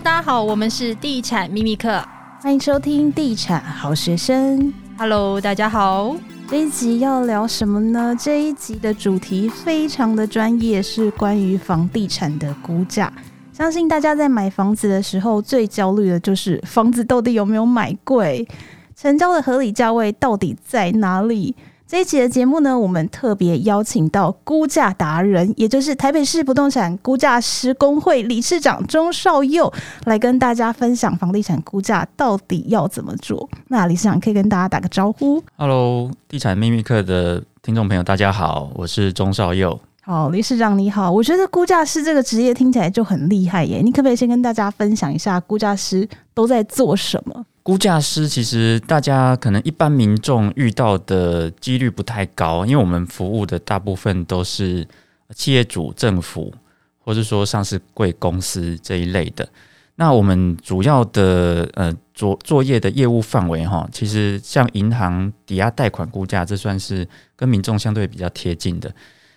大家好，我們是地產秘密客，歡迎收聽地產好學生。Hello，大家好，這一集要聊什麼呢？這一集的主題非常的專業，是關於房地產的估價。相信大家在買房子的時候，最焦慮的就是房子到底有沒有買貴，成交的合理價位到底在哪裡？這一期的節目呢，我們特別邀請到估價達人，也就是台北市不動產估價師公會理事長鐘少佑，來跟大家分享房地產估價到底要怎麼做。那理事長可以跟大家打個招呼。Hello，地產秘密客的聽眾朋友，大家好，我是鐘少佑。好，理事長你好。我覺得估價師這個職業聽起來就很厲害耶，你可不可以先跟大家分享一下估價師都在做什麼？估價師其實，大家可能一般民眾遇到的幾率不太高，因為我們服務的大部分都是企業主、政府，或者說上市貴公司這一類的。那我們主要的呃作，作業的業務範圍哈，其實像銀行抵押貸款估價，這算是跟民眾相對比較貼近的。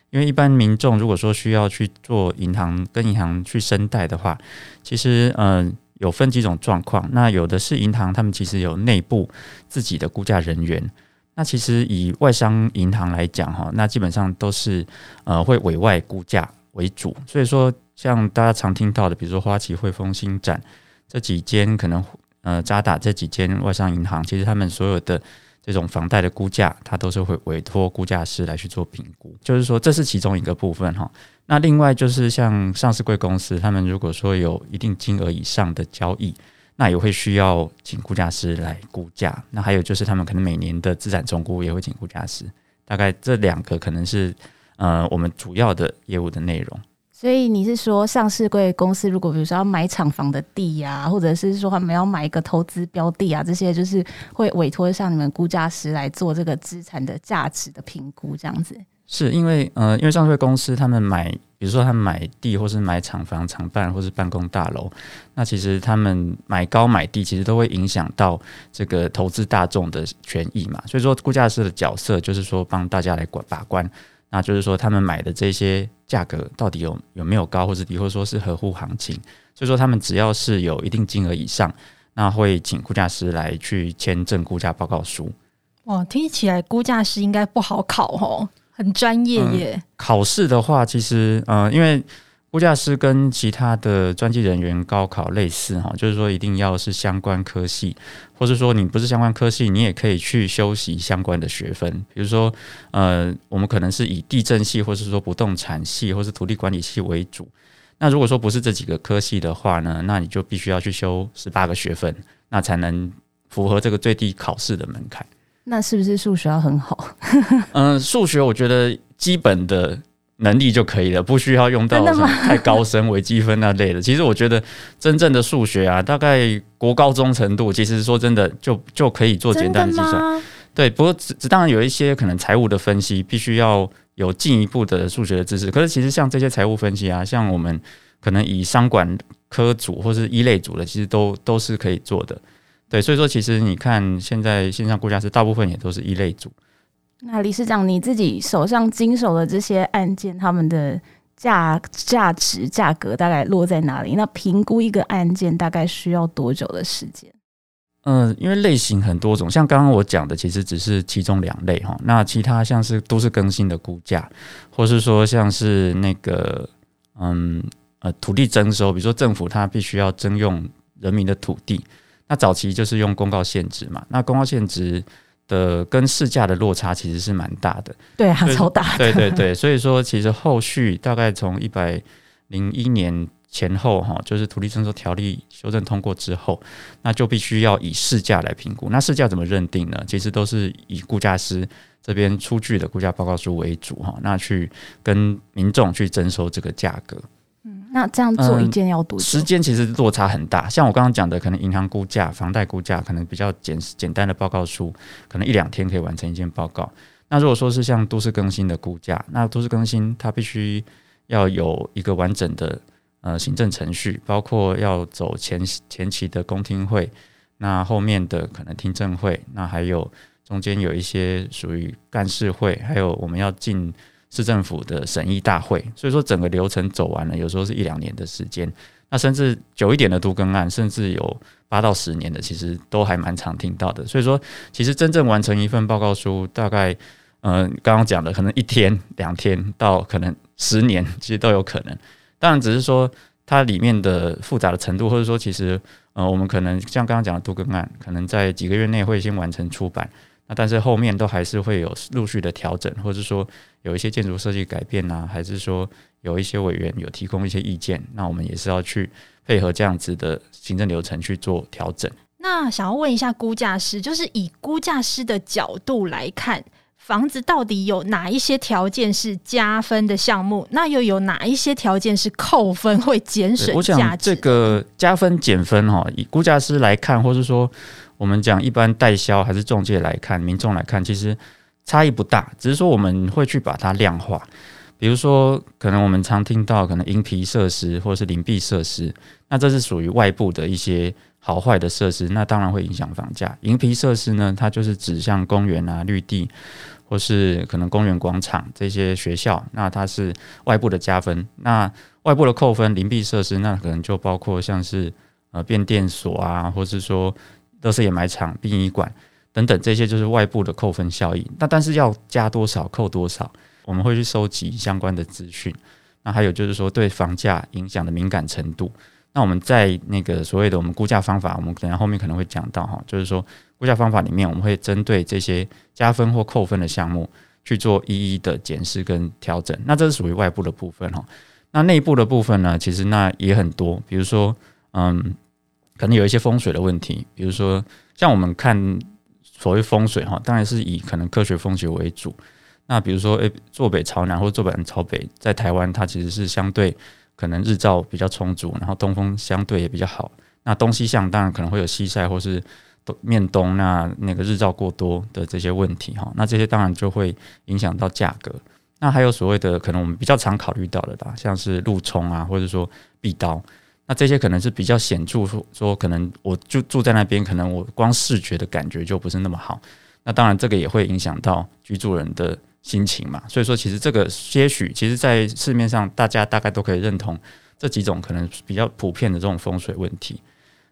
因為一般民眾如果說需要去做銀行，跟銀行去申貸的話，其實嗯。呃有分幾種狀況，那有的是銀行，他們其實有內部自己的估價人員。那其實以外商銀行來講，哈，那基本上都是呃會委外估價為主。所以說，像大家常聽到的，比如說花旗、匯豐、星展這幾間，可能呃渣打這幾間外商銀行，其實他們所有的這種房貸的估價，它都是會委託估價師來去做評估。就是說，這是其中一個部分，哈。那另外就是像上市櫃公司，他們如果說有一定金額以上的交易，那也會需要請估價師來估價。那還有就是他們可能每年的資產重估也會請估價師。大概這兩個可能是呃我們主要的業務的內容。所以你是說上市櫃公司如果比如說要買廠房的地呀、啊，或者是說他們要買一個投資標的啊，這些就是會委託像你們估價師來做這個資產的價值的評估這樣子。是因為，呃，因為上市公司他們買，比如說他們買地或是買廠房、廠辦或是辦公大樓，那其實他們買高買低其實都會影響到這個投資大眾的權益嘛。所以說，估價師的角色就是說幫大家來管把關，那就是說他們買的這些價格到底有有沒有高或者低，或者說是合乎行情。所以說，他們只要是有一定金額以上，那會請估價師來去簽證估價報告書。哇，聽起來估價師應該不好考哦。很專業耶、嗯！考試的話，其實呃，因為估價師跟其他的專技人員高考類似哈，就是說一定要是相關科系，或是說你不是相關科系，你也可以去修習相關的學分。比如說呃，我們可能是以地政系，或是說不動產系，或是土地管理系為主。那如果說不是這幾個科系的話呢，那你就必須要去修十八個學分，那才能符合這個最低考試的門檻。那是不是數學要很好？嗯、 呃，數學我覺得基本的能力就可以了，不需要用到什麼太高深微積分那類的。其實我覺得真正的數學啊，大概國高中程度，其實說真的就就可以做簡單的計算。對，不過只當然有一些可能財務的分析，必須要有進一步的數學的知識。可是其實像這些財務分析啊，像我們可能以商管科組或者是一類組的，其實都都是可以做的。對，所以說其實你看，現在線上估價師大部分也都是一類組。那理事長，你自己手上經手的這些案件，他們的價、價值、價格大概落在哪裡？那評估一個案件大概需要多久的時間？嗯、呃，因為類型很多種，像剛剛我講的，其實只是其中兩類哈。那其他像是都市更新的估價，或是說像是那個，嗯呃，土地徵收，比如說政府它必須要徵用人民的土地。那早期就是用公告現值嘛，那公告現值的跟市價的落差其實是蠻大的，對啊，超大的，對，對對對，所以說其實後續大概從一百零一年前後哈，就是土地徵收條例修正通過之後，那就必須要以市價來評估。那市價怎麼認定呢？其實都是以估價師這邊出具的估價報告書為主哈，那去跟民眾去徵收這個價格。那這樣做一件要多久？嗯，時間其實落差很大，像我剛剛講的，可能銀行估價、房貸估價，可能比較簡簡單的報告書，可能一兩天可以完成一件報告。那如果說是像都市更新的估價，那都市更新它必須要有一個完整的呃行政程序，包括要走前前期的公聽會，那後面的可能聽證會，那還有中間有一些屬於幹事會，還有我們要進。市政府的審議大會，所以說整個流程走完了，有時候是一兩年的時間，那甚至久一點的都更案，甚至有八到十年的，其實都還蠻常聽到的。所以說，其實真正完成一份報告書，大概嗯，剛剛講的，可能一天、兩天到可能十年，其實都有可能。當然，只是說它裡面的複雜的程度，或者說其實，呃，我們可能像剛剛講的都更案，可能在幾個月內會先完成出版。那、啊、但是後面都還是會有陸續的調整，或者說有一些建築設計改變啊，還是說有一些委員有提供一些意見，那我們也是要去配合這樣子的行政流程去做調整。那想要問一下估價師，就是以估價師的角度來看，房子到底有哪一些條件是加分的項目，那又有哪一些條件是扣分會減損價值？我想這個加分減分哈、哦，以估價師來看，或是說。我們講一般代銷還是中介來看，民眾來看，其實差異不大，只是說我們會去把它量化。比如說，可能我們常聽到可能迎毗設施或是鄰避設施，那這是屬於外部的一些好壞的設施，那當然會影響房價。迎毗設施呢，它就是指向公園啊、綠地，或是可能公園廣場這些學校，那它是外部的加分。那外部的扣分，鄰避設施那可能就包括像是呃變電所啊，或是說。垃圾掩埋場、殯儀館等等，這些就是外部的扣分效應。那但是要加多少、扣多少，我們會去收集相關的資訊。那還有就是說對房價影響的敏感程度。那我們在那個所謂的我們估價方法，我們可能後面可能會講到哈，就是說估價方法裡面，我們會針對這些加分或扣分的項目去做一一的檢視跟調整。那這是屬於外部的部分哈。那內部的部分呢，其實那也很多，比如說嗯。可能有一些風水的問題，比如說像我們看所謂風水哈，當然是以可能科學風水為主。那比如說，誒、欸，坐北朝南或者坐北朝北，在台灣它其實是相對可能日照比較充足，然後通風相對也比較好。那東西向當然可能會有西曬或是面東，那那個日照過多的這些問題哈，那這些當然就會影響到價格。那還有所謂的可能我們比較常考慮到的吧，像是路衝啊，或者說壁刀。那這些可能是比較顯著說，可能我就住在那邊，可能我光視覺的感覺就不是那麼好。那當然，這個也會影響到居住人的心情嘛。所以說，其實這個些許，其實，在市面上大家大概都可以認同這幾種可能比較普遍的這種風水問題。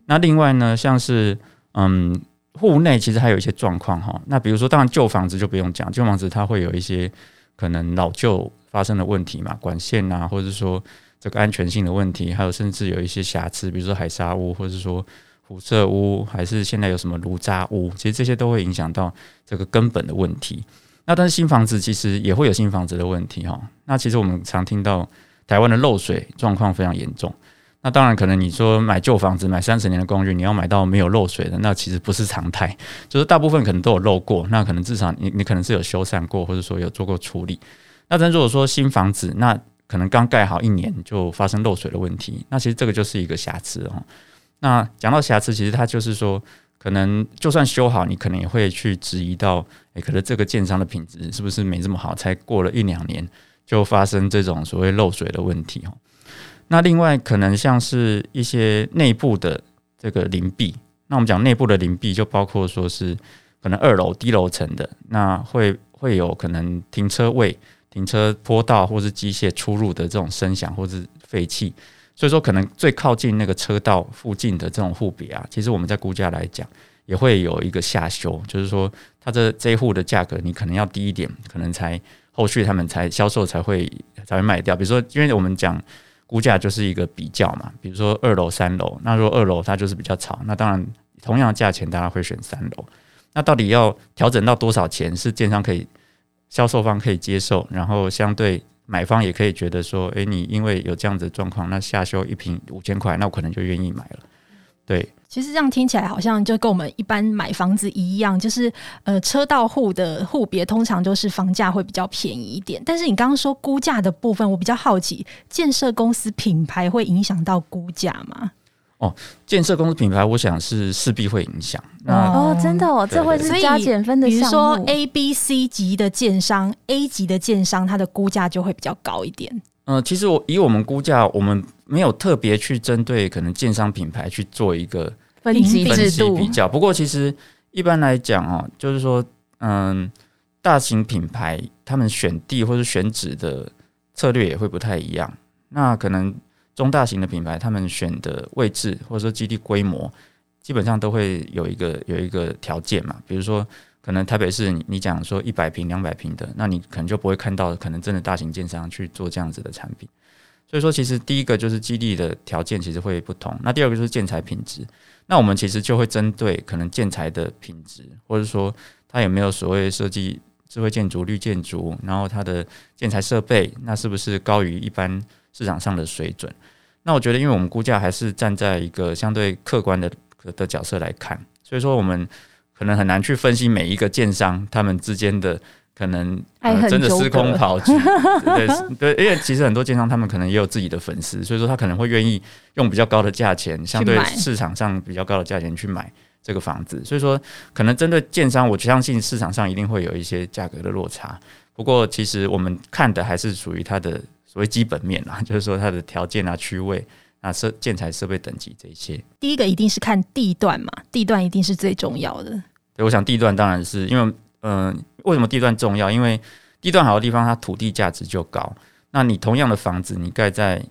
那另外呢，像是嗯，戶內其實還有一些狀況哈。那比如說，當然舊房子就不用講，舊房子它會有一些可能老舊發生的問題嘛，管線啊，或者說。這個安全性的問題，還有甚至有一些瑕疵，比如說海沙屋，或者說輻射屋，還是現在有什麼爐渣屋。其實這些都會影響到這個根本的問題。那但是新房子其實也會有新房子的問題哈。那其實我們常聽到台灣的漏水狀況非常嚴重。那當然可能你說買舊房子買三十年的公寓，你要買到沒有漏水的，那其實不是常態，就是大部分可能都有漏過。那可能至少你你可能是有修繕過，或者說有做過處理。那但如果說新房子那。可能剛蓋好一年就發生漏水的問題，那其實這個就是一個瑕疵哦、喔。那講到瑕疵，其實它就是說，可能就算修好，你可能也會去質疑到，誒、欸，可能這個建商的品質是不是沒這麼好？才過了一兩年就發生這種所謂漏水的問題、喔。哈，那另外可能像是一些內部的這個鄰避，那我們講內部的鄰避，就包括說是可能二樓低樓層的，那會會有可能停車位。停車坡道或是機械出入的這種聲響，或是廢氣，所以說可能最靠近那個車道附近的這種戶別啊，其實我們在估價來講也會有一個下修，就是說它這這一戶的價格你可能要低一點，可能才後續他們才銷售才會才會賣掉。比如說，因為我們講估價就是一個比較嘛，比如說二樓、三樓，那如果二樓它就是比較吵，那當然同樣價錢大家會選三樓。那到底要調整到多少錢是建商可以？銷售方可以接受，然後相對買方也可以覺得說，誒、欸，你因為有這樣子狀況，那下修一坪五千塊，那我可能就願意買了。對，其實這樣聽起來好像就跟我們一般買房子一樣，就是呃車道戶的戶別通常就是房價會比較便宜一點。但是你剛剛說估價的部分，我比較好奇，建設公司品牌會影響到估價嗎？哦，建設公司品牌，我想是勢必會影響。那哦？真的哦？這會是加減分的項目。對對對。比如說 A、B、C 級的建商，A 級的建商，A 級的建商，它的估價就會比較高一點。嗯、呃，其實我以我們估價，我們沒有特別去針對可能建商品牌去做一個分析比較。不過，其實一般來講啊，就是說，嗯，大型品牌他們選地或是選址的策略也會不太一樣。那可能。中大型的品牌，他們選的位置或者說基地規模，基本上都會有一個有一個條件嘛。比如說，可能台北市你你講說一百平兩百平的，那你可能就不會看到可能真的大型建商去做這樣子的產品。所以說，其實第一個就是基地的條件其實會不同。那第二個就是建材品質。那我們其實就會針對可能建材的品質，或者說它有沒有所謂設計智慧建築、綠建築，然後它的建材設備，那是不是高於一般市場上的水準？那我覺得，因為我們估價還是站在一個相對客觀的的角色來看，所以說我們可能很難去分析每一個建商他們之間的可能真的司空跑去。對對，對，因為其實很多建商他們可能也有自己的粉絲，所以說他可能會願意用比較高的價錢，相對市場上比較高的價錢去買這個房子。所以說，可能針對建商，我相信市場上一定會有一些價格的落差。不過，其實我們看的還是屬於他的。所謂基本面吶，就是說它的條件啊、區位啊、設建材設備等級這些。第一個一定是看地段嘛，地段一定是最重要的。對，我想地段當然是因為，嗯、呃，為什麼地段重要？因為地段好的地方，它土地價值就高。那你同樣的房子，你蓋在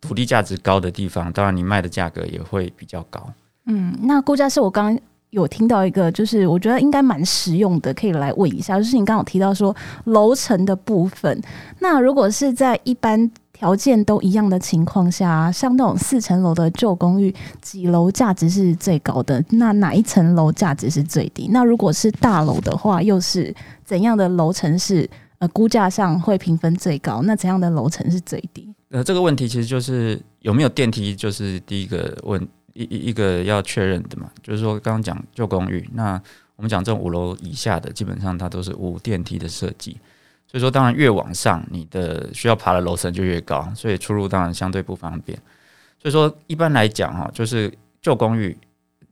土地價值高的地方，當然你賣的價格也會比較高。嗯，那估價是我剛剛。有聽到一個，就是我覺得應該蠻實用的，可以來問一下。就是你剛剛提到說樓層的部分，那如果是在一般條件都一樣的情況下，像那種四層樓的舊公寓，幾樓價值是最高的？那哪一層樓價值是最低？那如果是大樓的話，又是怎樣的樓層是呃估價上會評分最高？那怎樣的樓層是最低？呃，這個問題其實就是有沒有電梯，就是第一個問。一一個要確認的嘛，就是說剛剛講舊公寓，那我們講這種五樓以下的，基本上它都是無電梯的設計，所以說當然越往上，你的需要爬的樓層就越高，所以出入當然相對不方便。所以說一般來講哈，就是舊公寓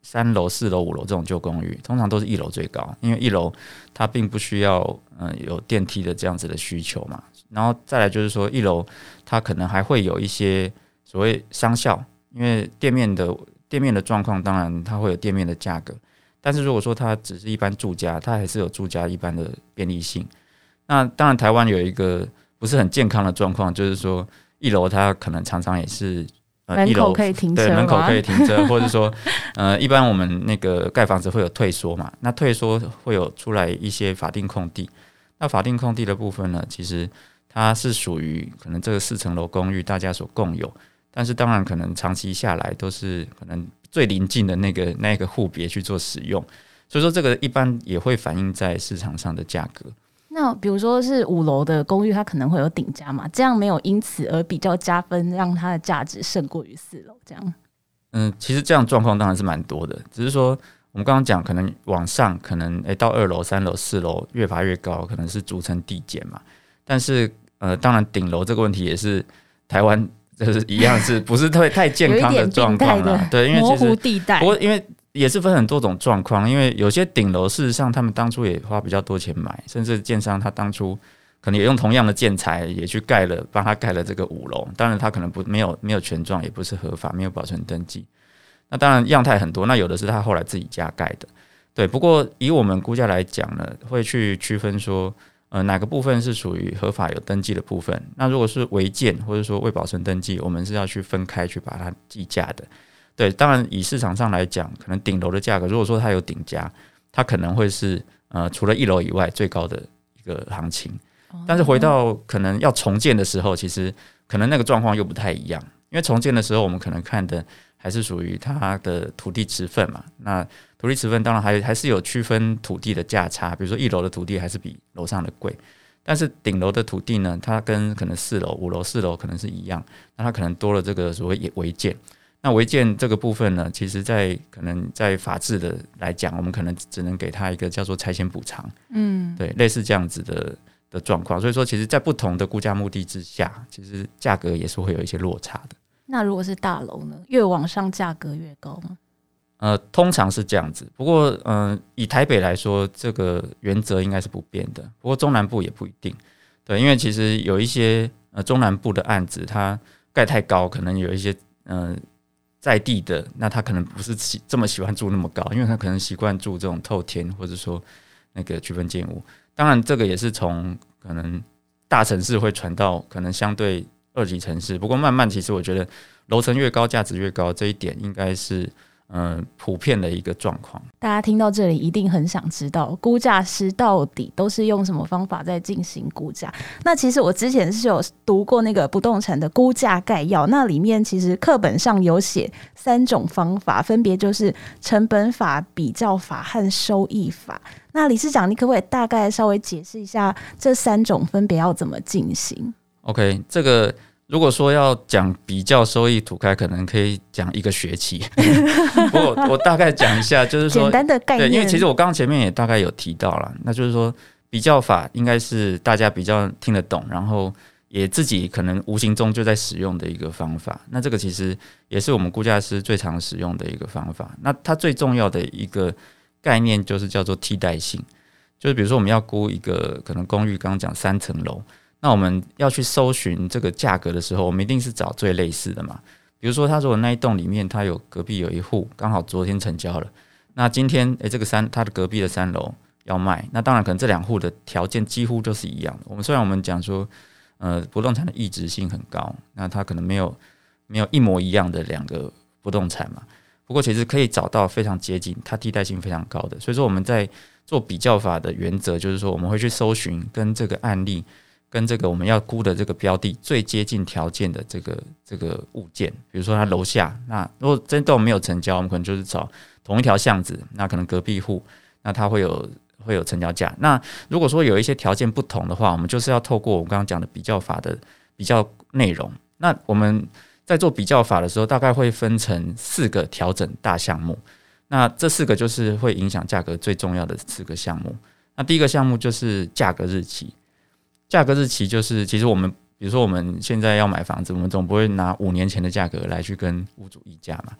三樓、四樓、五樓這種舊公寓，通常都是一樓最高，因為一樓它並不需要嗯有電梯的這樣子的需求嘛。然後再來就是說一樓它可能還會有一些所謂商效，因為店面的。店面的狀況，當然它會有店面的價格，但是如果說它只是一般住家，它還是有住家一般的便利性。那當然，台灣有一個不是很健康的狀況，就是說一樓它可能常常也是，門口可以停車，啊、對，門口可以停車，或者說， 呃，一般我們那個蓋房子會有退縮嘛，那退縮會有出來一些法定空地。那法定空地的部分呢，其實它是屬於可能這個四層樓公寓大家所共有。但是當然，可能長期下來都是可能最臨近的那個那個戶別去做使用，所以說這個一般也會反映在市場上的價格。那比如說是五樓的公寓，它可能會有頂加嘛，這樣沒有因此而比較加分，讓它的價值勝過於四樓這樣。嗯，其實這樣狀況當然是蠻多的，只是說我們剛剛講，可能往上可能誒、欸、到二樓、三樓、四樓越爬越高，可能是逐層遞減嘛。但是呃，當然頂樓這個問題也是台灣。就是一樣，是不是特別太健康的狀況了？對，因為其實模糊地帶。不過，因為也是分很多種狀況，因為有些頂樓，事實上他們當初也花比較多錢買，甚至建商他當初可能也用同樣的建材也去蓋了，幫他蓋了這個五樓。當然，他可能不沒有沒有權狀，也不是合法，沒有保存登記。那當然樣態很多，那有的是他後來自己加蓋的。對，不過以我們估價來講呢，會去區分說。呃，哪個部分是屬於合法有登記的部分？那如果是違建或者說未保存登記，我們是要去分開去把它計價的。對，當然以市場上來講，可能頂樓的價格，如果說它有頂加，它可能會是呃除了一樓以外最高的一個行情。但是回到可能要重建的時候，其實可能那個狀況又不太一樣，因為重建的時候我們可能看的。還是屬於它的土地持份嘛。那土地持份當然還還是有區分土地的價差，比如說一樓的土地還是比樓上的貴，但是頂樓的土地呢，它跟可能四樓、五樓、四樓可能是一樣，那它可能多了這個所謂違違建。那違建這個部分呢，其實在，在可能在法制的來講，我們可能只能給它一個叫做拆遷補償，嗯，對，類似這樣子的的狀況。所以說，其實，在不同的估價目的之下，其實價格也是會有一些落差的。那如果是大樓呢？越往上價格越高嗎？呃，通常是這樣子。不過，嗯、呃，以台北來說，這個原則應該是不變的。不過中南部也不一定，對，因為其實有一些呃中南部的案子，它蓋太高，可能有一些嗯、呃、在地的，那他可能不是喜這麼喜歡住那麼高，因為他可能習慣住這種透天，或者說那個區分建物。當然，這個也是從可能大城市會傳到可能相對。二級城市，不過慢慢，其實我覺得樓層越高，價值越高，這一點應該是嗯、呃、普遍的一個狀況。大家聽到這裡，一定很想知道估價師到底都是用什麼方法在進行估價。那其實我之前是有讀過那個不動產的估價概要，那裡面其實課本上有寫三種方法，分別就是成本法、比較法和收益法。那理事長，你可不可以大概稍微解釋一下這三種分別要怎麼進行？OK，這個如果說要講比較收益土開，可能可以講一個學期。 不過我大概講一下，就是說 簡單的概念，對，因為其實我剛剛前面也大概有提到了，那就是說比較法應該是大家比較聽得懂，然後也自己可能無形中就在使用的一個方法。那這個其實也是我們估價師最常使用的一個方法。那它最重要的一個概念就是叫做替代性，就是比如說我們要估一個可能公寓剛剛，剛剛講三層樓。那我們要去搜尋這個價格的時候，我們一定是找最類似的嘛。比如說，他如果那一棟裡面，他有隔壁有一戶剛好昨天成交了，那今天誒，這個三他的隔壁的三樓要賣，那當然可能這兩戶的條件幾乎就是一樣的。我們雖然我們講說，呃，不動產的異質性很高，那它可能沒有沒有一模一樣的兩個不動產嘛。不過其實可以找到非常接近，它替代性非常高的。所以說我們在做比較法的原則，就是說我們會去搜尋跟這個案例。跟這個我們要估的這個標的最接近條件的這個這個物件，比如說它樓下。那如果真的沒有成交，我們可能就是找同一條巷子，那可能隔壁戶，那它會有會有成交價。那如果說有一些條件不同的話，我們就是要透過我們剛剛講的比較法的比較內容。那我們在做比較法的時候，大概會分成四個調整大項目。那這四個就是會影響價格最重要的四個項目。那第一個項目就是價格日期。價格日期就是，其實我們，比如說我們現在要買房子，我們總不會拿五年前的價格來去跟屋主議價嘛。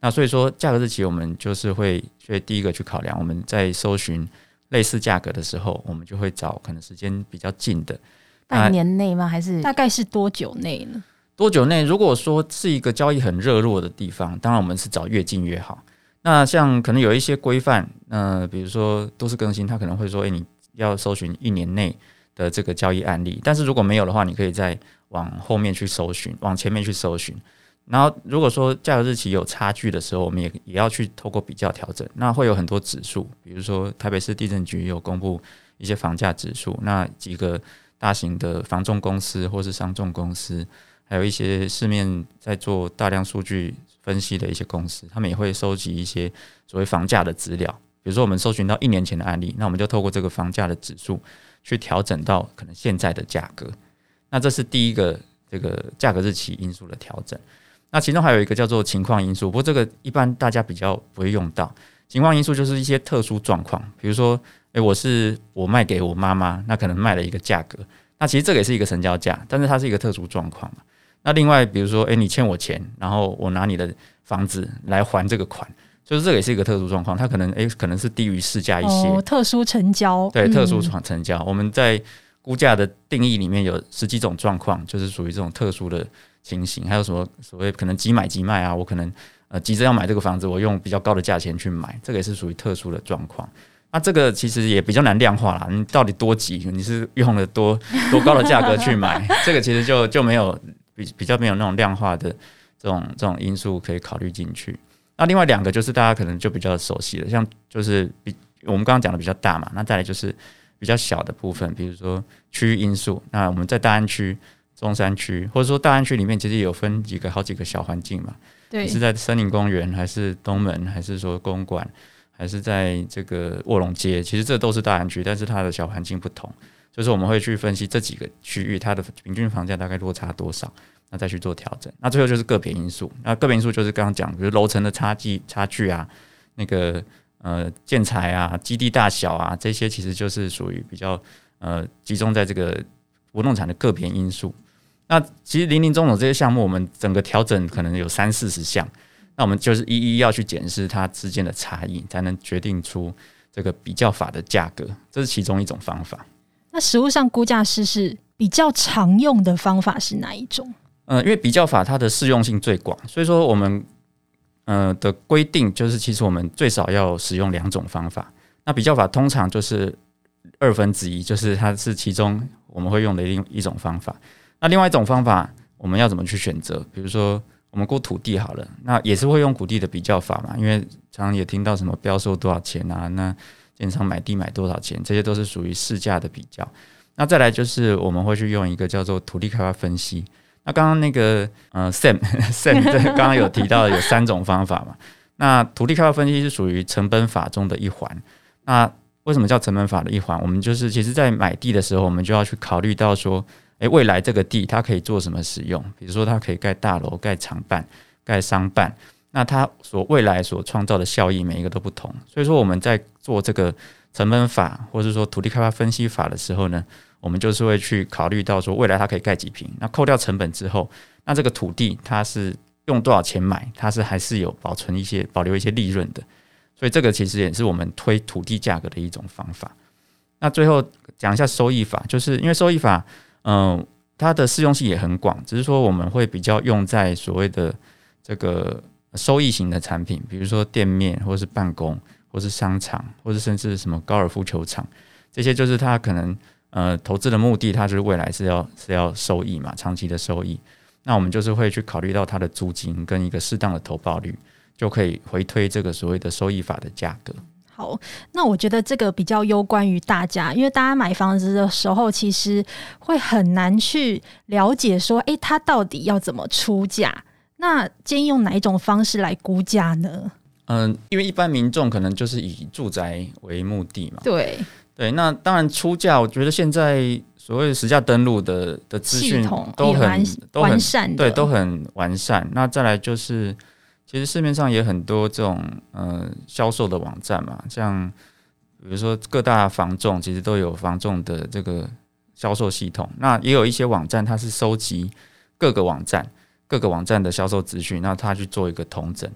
那所以說價格日期，我們就是會去第一個去考量。我們在搜尋類似價格的時候，我們就會找可能時間比較近的。半年內嗎？還是大概是多久內呢？多久內？如果說是一個交易很熱絡的地方，當然我們是找越近越好。那像可能有一些規範，呃，比如說都市更新，他可能會說，哎，你要搜尋一年內。的這個交易案例，但是如果沒有的話，你可以再往後面去搜尋，往前面去搜尋。然後，如果說價格日期有差距的時候，我們也也要去透過比較調整。那會有很多指數，比如說台北市地震局有公布一些房價指數，那幾個大型的房仲公司或是商仲公司，還有一些市面在做大量數據分析的一些公司，他們也會收集一些所謂房價的資料。比如說，我們搜尋到一年前的案例，那我們就透過這個房價的指數。去調整到可能現在的價格，那這是第一個這個價格日期因素的調整。那其中還有一個叫做情況因素，不過這個一般大家比較不會用到。情況因素就是一些特殊狀況，比如說，誒，我是我賣給我媽媽，那可能賣了一個價格，那其實這個也是一個成交價，但是它是一個特殊狀況。那另外，比如說，誒，你欠我錢，然後我拿你的房子來還這個款。就是這個也是一個特殊狀況，它可能誒、欸，可能是低於市價一些、哦，特殊成交對，特殊成成交。嗯、我們在估價的定義裡面有十幾種狀況，就是屬於這種特殊的情形。還有什麼所謂可能急買急賣啊？我可能呃急着要買這個房子，我用比較高的價錢去買，這個也是屬於特殊的狀況。那這個其實也比較難量化啦，你到底多急？你是用了多多高的價格去買？ 這個其實就就沒有比比較沒有那種量化的這種這種因素可以考慮進去。那、啊、另外兩個就是大家可能就比較熟悉了，像就是比我們剛剛講的比較大嘛。那再來就是比較小的部分，比如說區域因素。那我們在大安區、中山區，或者說大安區裡面，其實有分幾個好幾個小環境嘛。對，是在森林公園，還是東門，還是說公館，還是在這個臥龍街？其實這都是大安區，但是它的小環境不同。就是我們會去分析這幾個區域，它的平均房價大概落差多少？那再去做調整，那最後就是個別因素。那個別因素就是剛剛講，比如樓層的差距差距啊，那個呃建材啊，基地大小啊，這些其實就是屬於比較呃集中在這個不動產的個別因素。那其實林林總總這些項目，我們整個調整可能有三四十項，那我們就是一一要去檢視它之間的差異，才能決定出這個比較法的價格。這是其中一種方法。那實務上估價師是比較常用的方法是哪一種？嗯、呃，因為比較法它的適用性最廣，所以說我們，嗯、呃、的規定就是，其實我們最少要使用兩種方法。那比較法通常就是二分之一，2, 就是它是其中我們會用的另一,一種方法。那另外一種方法，我們要怎麼去選擇？比如說我們估土地好了，那也是會用土地的比較法嘛，因為常常也聽到什麼標售多少錢啊，那建商買地買多少錢，這些都是屬於市價的比較。那再來就是我們會去用一個叫做土地開發分析。那剛剛那個呃 Sam, Sam Sam 剛剛有提到有三種方法嘛。 那土地開發分析是屬於成本法中的一環。那為什麼叫成本法的一環？我們就是其實在買地的時候，我們就要去考慮到說，哎、欸，未來這個地它可以做什麼使用？比如說它可以蓋大樓、蓋廠辦、蓋商辦，那它所未來所創造的效益每一個都不同。所以說我們在做這個。成本法，或者是說土地開發分析法的時候呢，我們就是會去考慮到說，未來它可以蓋幾坪，那扣掉成本之後，那這個土地它是用多少錢買，它是還是有保存一些、保留一些利潤的。所以這個其實也是我們推土地價格的一種方法。那最後講一下收益法，就是因為收益法，嗯、呃，它的適用性也很廣，只是說我們會比較用在所謂的這個收益型的產品，比如說店面或是辦公。或是商場，或是甚至什麼高爾夫球場，這些就是他可能呃投資的目的，他是未來是要是要收益嘛，長期的收益。那我們就是會去考慮到它的租金跟一個適當的投報率，就可以回推這個所謂的收益法的價格。好，那我覺得這個比較攸關於大家，因為大家買房子的時候，其實會很難去了解說，哎、欸，他到底要怎麼出價？那建議用哪一種方式來估價呢？嗯，因為一般民眾可能就是以住宅為目的嘛。對對，那當然出價，我覺得現在所謂的實價登錄的的資訊都很系統完善，都很完善，對，都很完善。那再來就是，其實市面上也很多這種嗯銷、呃、售的網站嘛，像比如說各大房仲其實都有房仲的這個銷售系統，那也有一些網站它是收集各個網站各個網站的銷售資訊，那它去做一個統整。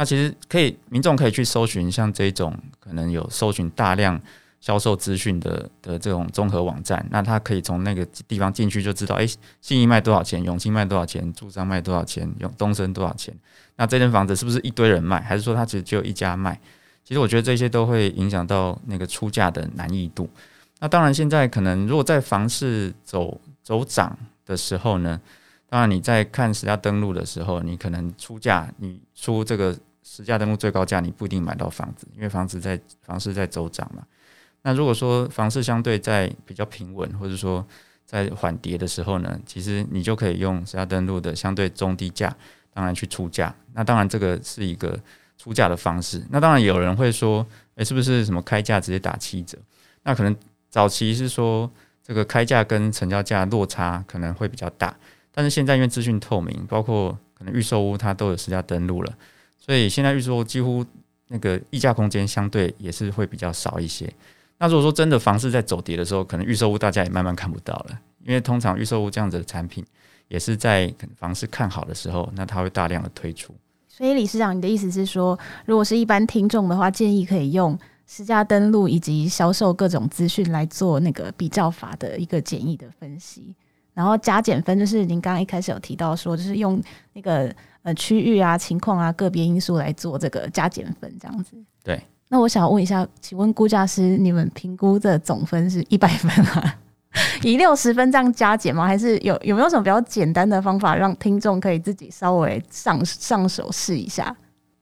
那其實可以，民眾可以去搜尋像這種可能有搜尋大量銷售資訊的的這種綜合網站。那他可以從那個地方進去就知道，哎、欸，信義賣多少錢，永慶賣多少錢，住商賣多少錢，永東升多少錢。那這間房子是不是一堆人賣，還是說他其實只有一家賣？其實我覺得這些都會影響到那個出價的難易度。那當然，現在可能如果在房市走走漲的時候呢，當然你在看實價登錄的時候，你可能出價，你出這個。實價登錄最高價，你不一定買到房子，因為房子在房市在走漲嘛。那如果說房市相對在比較平穩，或者說在緩跌的時候呢，其實你就可以用實價登錄的相對中低價，當然去出價。那當然這個是一個出價的方式。那當然有人會說，誒、欸，是不是什麼開價直接打七折？那可能早期是說這個開價跟成交價落差可能會比較大，但是現在因為資訊透明，包括可能預售屋它都有實價登錄了。所以現在預售屋幾乎那個溢價空間相對也是會比較少一些。那如果說真的房市在走跌的時候，可能預售屋大家也慢慢看不到了，因為通常預售屋這樣子的產品也是在房市看好的時候，那它會大量的推出。所以理事長，你的意思是說，如果是一般聽眾的話，建議可以用實價登錄以及銷售各種資訊來做那個比較法的一個簡易的分析。然後加減分就是您剛剛一開始有提到說，就是用那個呃區域啊、情況啊、個別因素來做這個加減分這樣子。對，那我想問一下，請問估價師，你們評估的總分是一百分嗎，啊？ 以六十分這樣加減嗎？還是有有沒有什麼比較簡單的方法，讓聽眾可以自己稍微上上手試一下？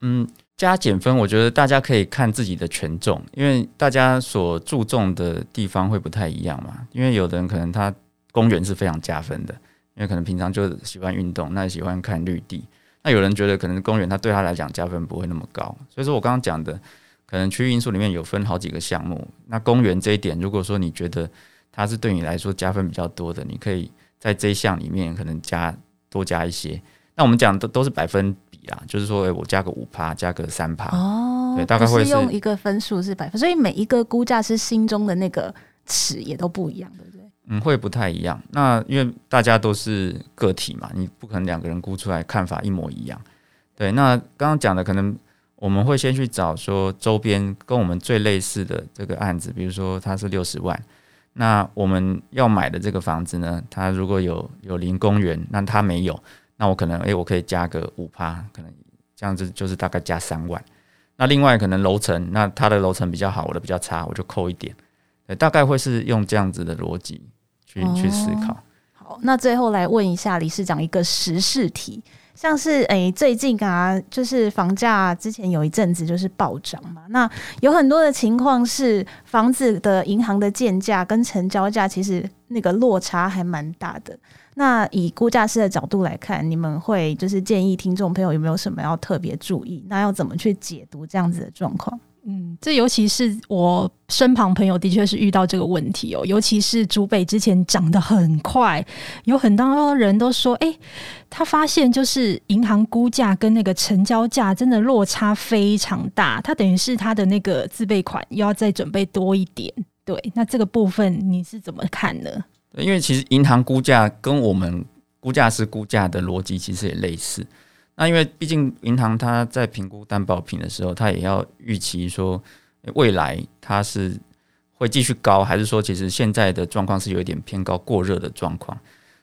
嗯，加減分，我覺得大家可以看自己的權重，因為大家所注重的地方會不太一樣嘛。因為有人可能他。公園是非常加分的，因為可能平常就喜歡運動，那喜歡看綠地。那有人覺得可能公園它對他來講加分不會那麼高，所以說我剛剛講的可能區域因素裡面有分好幾個項目。那公園這一點，如果說你覺得它是對你來說加分比較多的，你可以在這一項裡面可能加多加一些。那我們講的都是百分比啦，就是說，欸，我加個五趴，加個三趴，哦，對，大概會是，是用一個分數是百分，所以每一個估價師心中的那個尺也都不一樣，對不對？嗯，會不太一樣。那因為大家都是個體嘛，你不可能兩個人估出來看法一模一樣。對，那剛剛講的，可能我們會先去找說周邊跟我們最類似的這個案子，比如說它是六十萬，那我們要買的這個房子呢，它如果有有臨公園，那它沒有，那我可能哎、欸，我可以加個五趴，可能這樣子就是大概加三萬。那另外可能樓層，那它的樓層比較好，我的比較差，我就扣一點。對，大概會是用這樣子的邏輯。去去思考、哦。好，那最後來問一下理事長一個時事題，像是誒、欸、最近啊，就是房價、啊、之前有一陣子就是暴漲嘛，那有很多的情況是房子的銀行的鑑價跟成交價其實那個落差還蠻大的。那以估價師的角度來看，你們會就是建議聽眾朋友有沒有什麼要特別注意？那要怎麼去解讀這樣子的狀況？嗯，這尤其是我身旁朋友的確是遇到這個問題哦，尤其是竹北之前漲得很快，有很多人都說，哎、欸，他發現就是銀行估價跟那個成交價真的落差非常大，它，等於是他的那個自備款又要再準備多一點。對，那這個部分你是怎麼看呢？因為其實銀行估價跟我們估價是估價的邏輯其實也類似。那因為畢竟銀行它在評估擔保品的時候，它也要預期說未來它是會繼續高，還是說其實現在的狀況是有一點偏高過熱的狀況？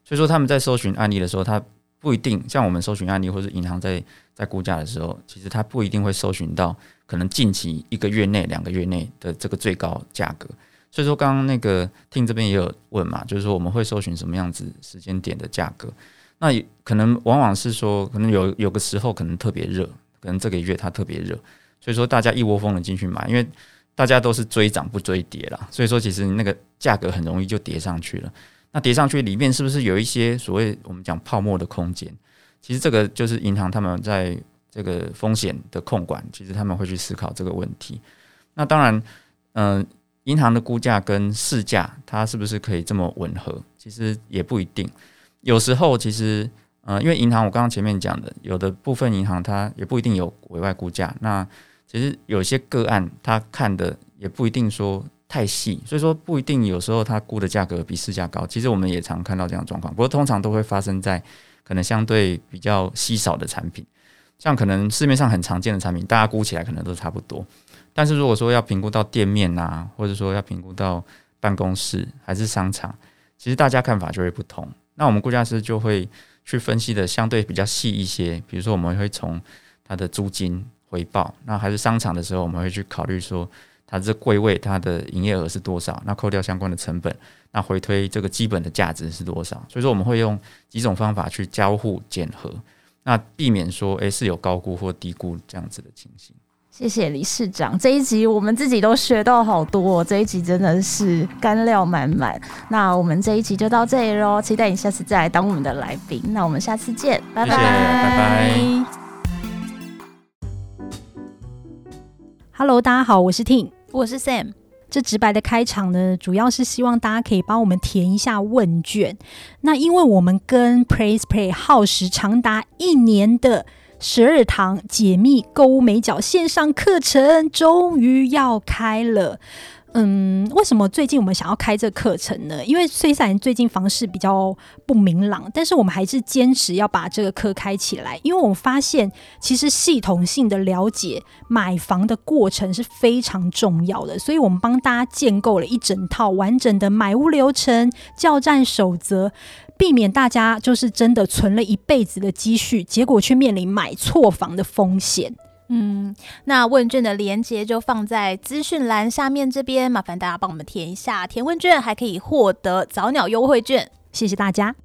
所以說他們在搜尋案例的時候，它不一定像我們搜尋案例或是銀行在在估價的時候，其實它不一定會搜尋到可能近期一個月內、兩個月內的這個最高價格。所以說，剛剛那個 Tim 這邊也有問嘛，就是說我們會搜尋什麼樣子時間點的價格？那可能往往是說，可能有有個時候可能特別熱，可能這個月它特別熱，所以說大家一窩蜂的進去買，因為大家都是追漲不追跌啦，所以說其實那個價格很容易就跌上去了。那跌上去裡面是不是有一些所謂我們講泡沫的空間？其實這個就是銀行他們在這個風險的控管，其實他們會去思考這個問題。那當然，嗯、呃，銀行的估價跟市價它是不是可以這麼吻合？其實也不一定。有時候其實，嗯、呃，因為銀行，我剛剛前面講的，有的部分銀行它也不一定有委外估價。那其實有些個案，它看的也不一定說太細，所以說不一定有時候它估的價格比市價高。其實我們也常看到這樣的狀況，不過通常都會發生在可能相對比較稀少的產品，像可能市面上很常見的產品，大家估起來可能都差不多。但是如果說要評估到店面啊，或者說要評估到辦公室還是商場，其實大家看法就會不同。那我們估價師就會去分析的相對比較細一些，比如說我們會從它的租金回報，那還是商場的時候，我們會去考慮說它這櫃位它的營業額是多少，那扣掉相關的成本，那回推這個基本的價值是多少。所以說我們會用幾種方法去交互檢核，那避免說誒是有高估或低估這樣子的情形。謝謝理事長，這一集我們自己都學到好多哦，這一集真的是乾料滿滿。那我們這一集就到這裡嘍，期待你下次再來當我們的來賓。那我們下次見，拜拜，謝謝，拜拜。Hello，大家好，我是 Ting，我是 Sam。這直白的開場呢，主要是希望大家可以幫我們填一下問卷。那因為我們跟 Praise Play 耗時長達一年的。十二堂解密購屋眉角線上課程終於要開了。嗯，為什麼最近我們想要開這個課程呢？因為雖然最近房市比較不明朗，但是我們還是堅持要把這個課開起來。因為我們發現，其實系統性的了解買房的過程是非常重要的，所以我們幫大家建構了一整套完整的買屋流程、交戰守則。避免大家就是真的存了一輩子的積蓄，結果卻面臨買錯房的風險。嗯，那問卷的連結，就放在資訊欄下面這邊，麻煩大家幫我們填一下，填問卷還可以獲得早鳥優惠券。謝謝大家。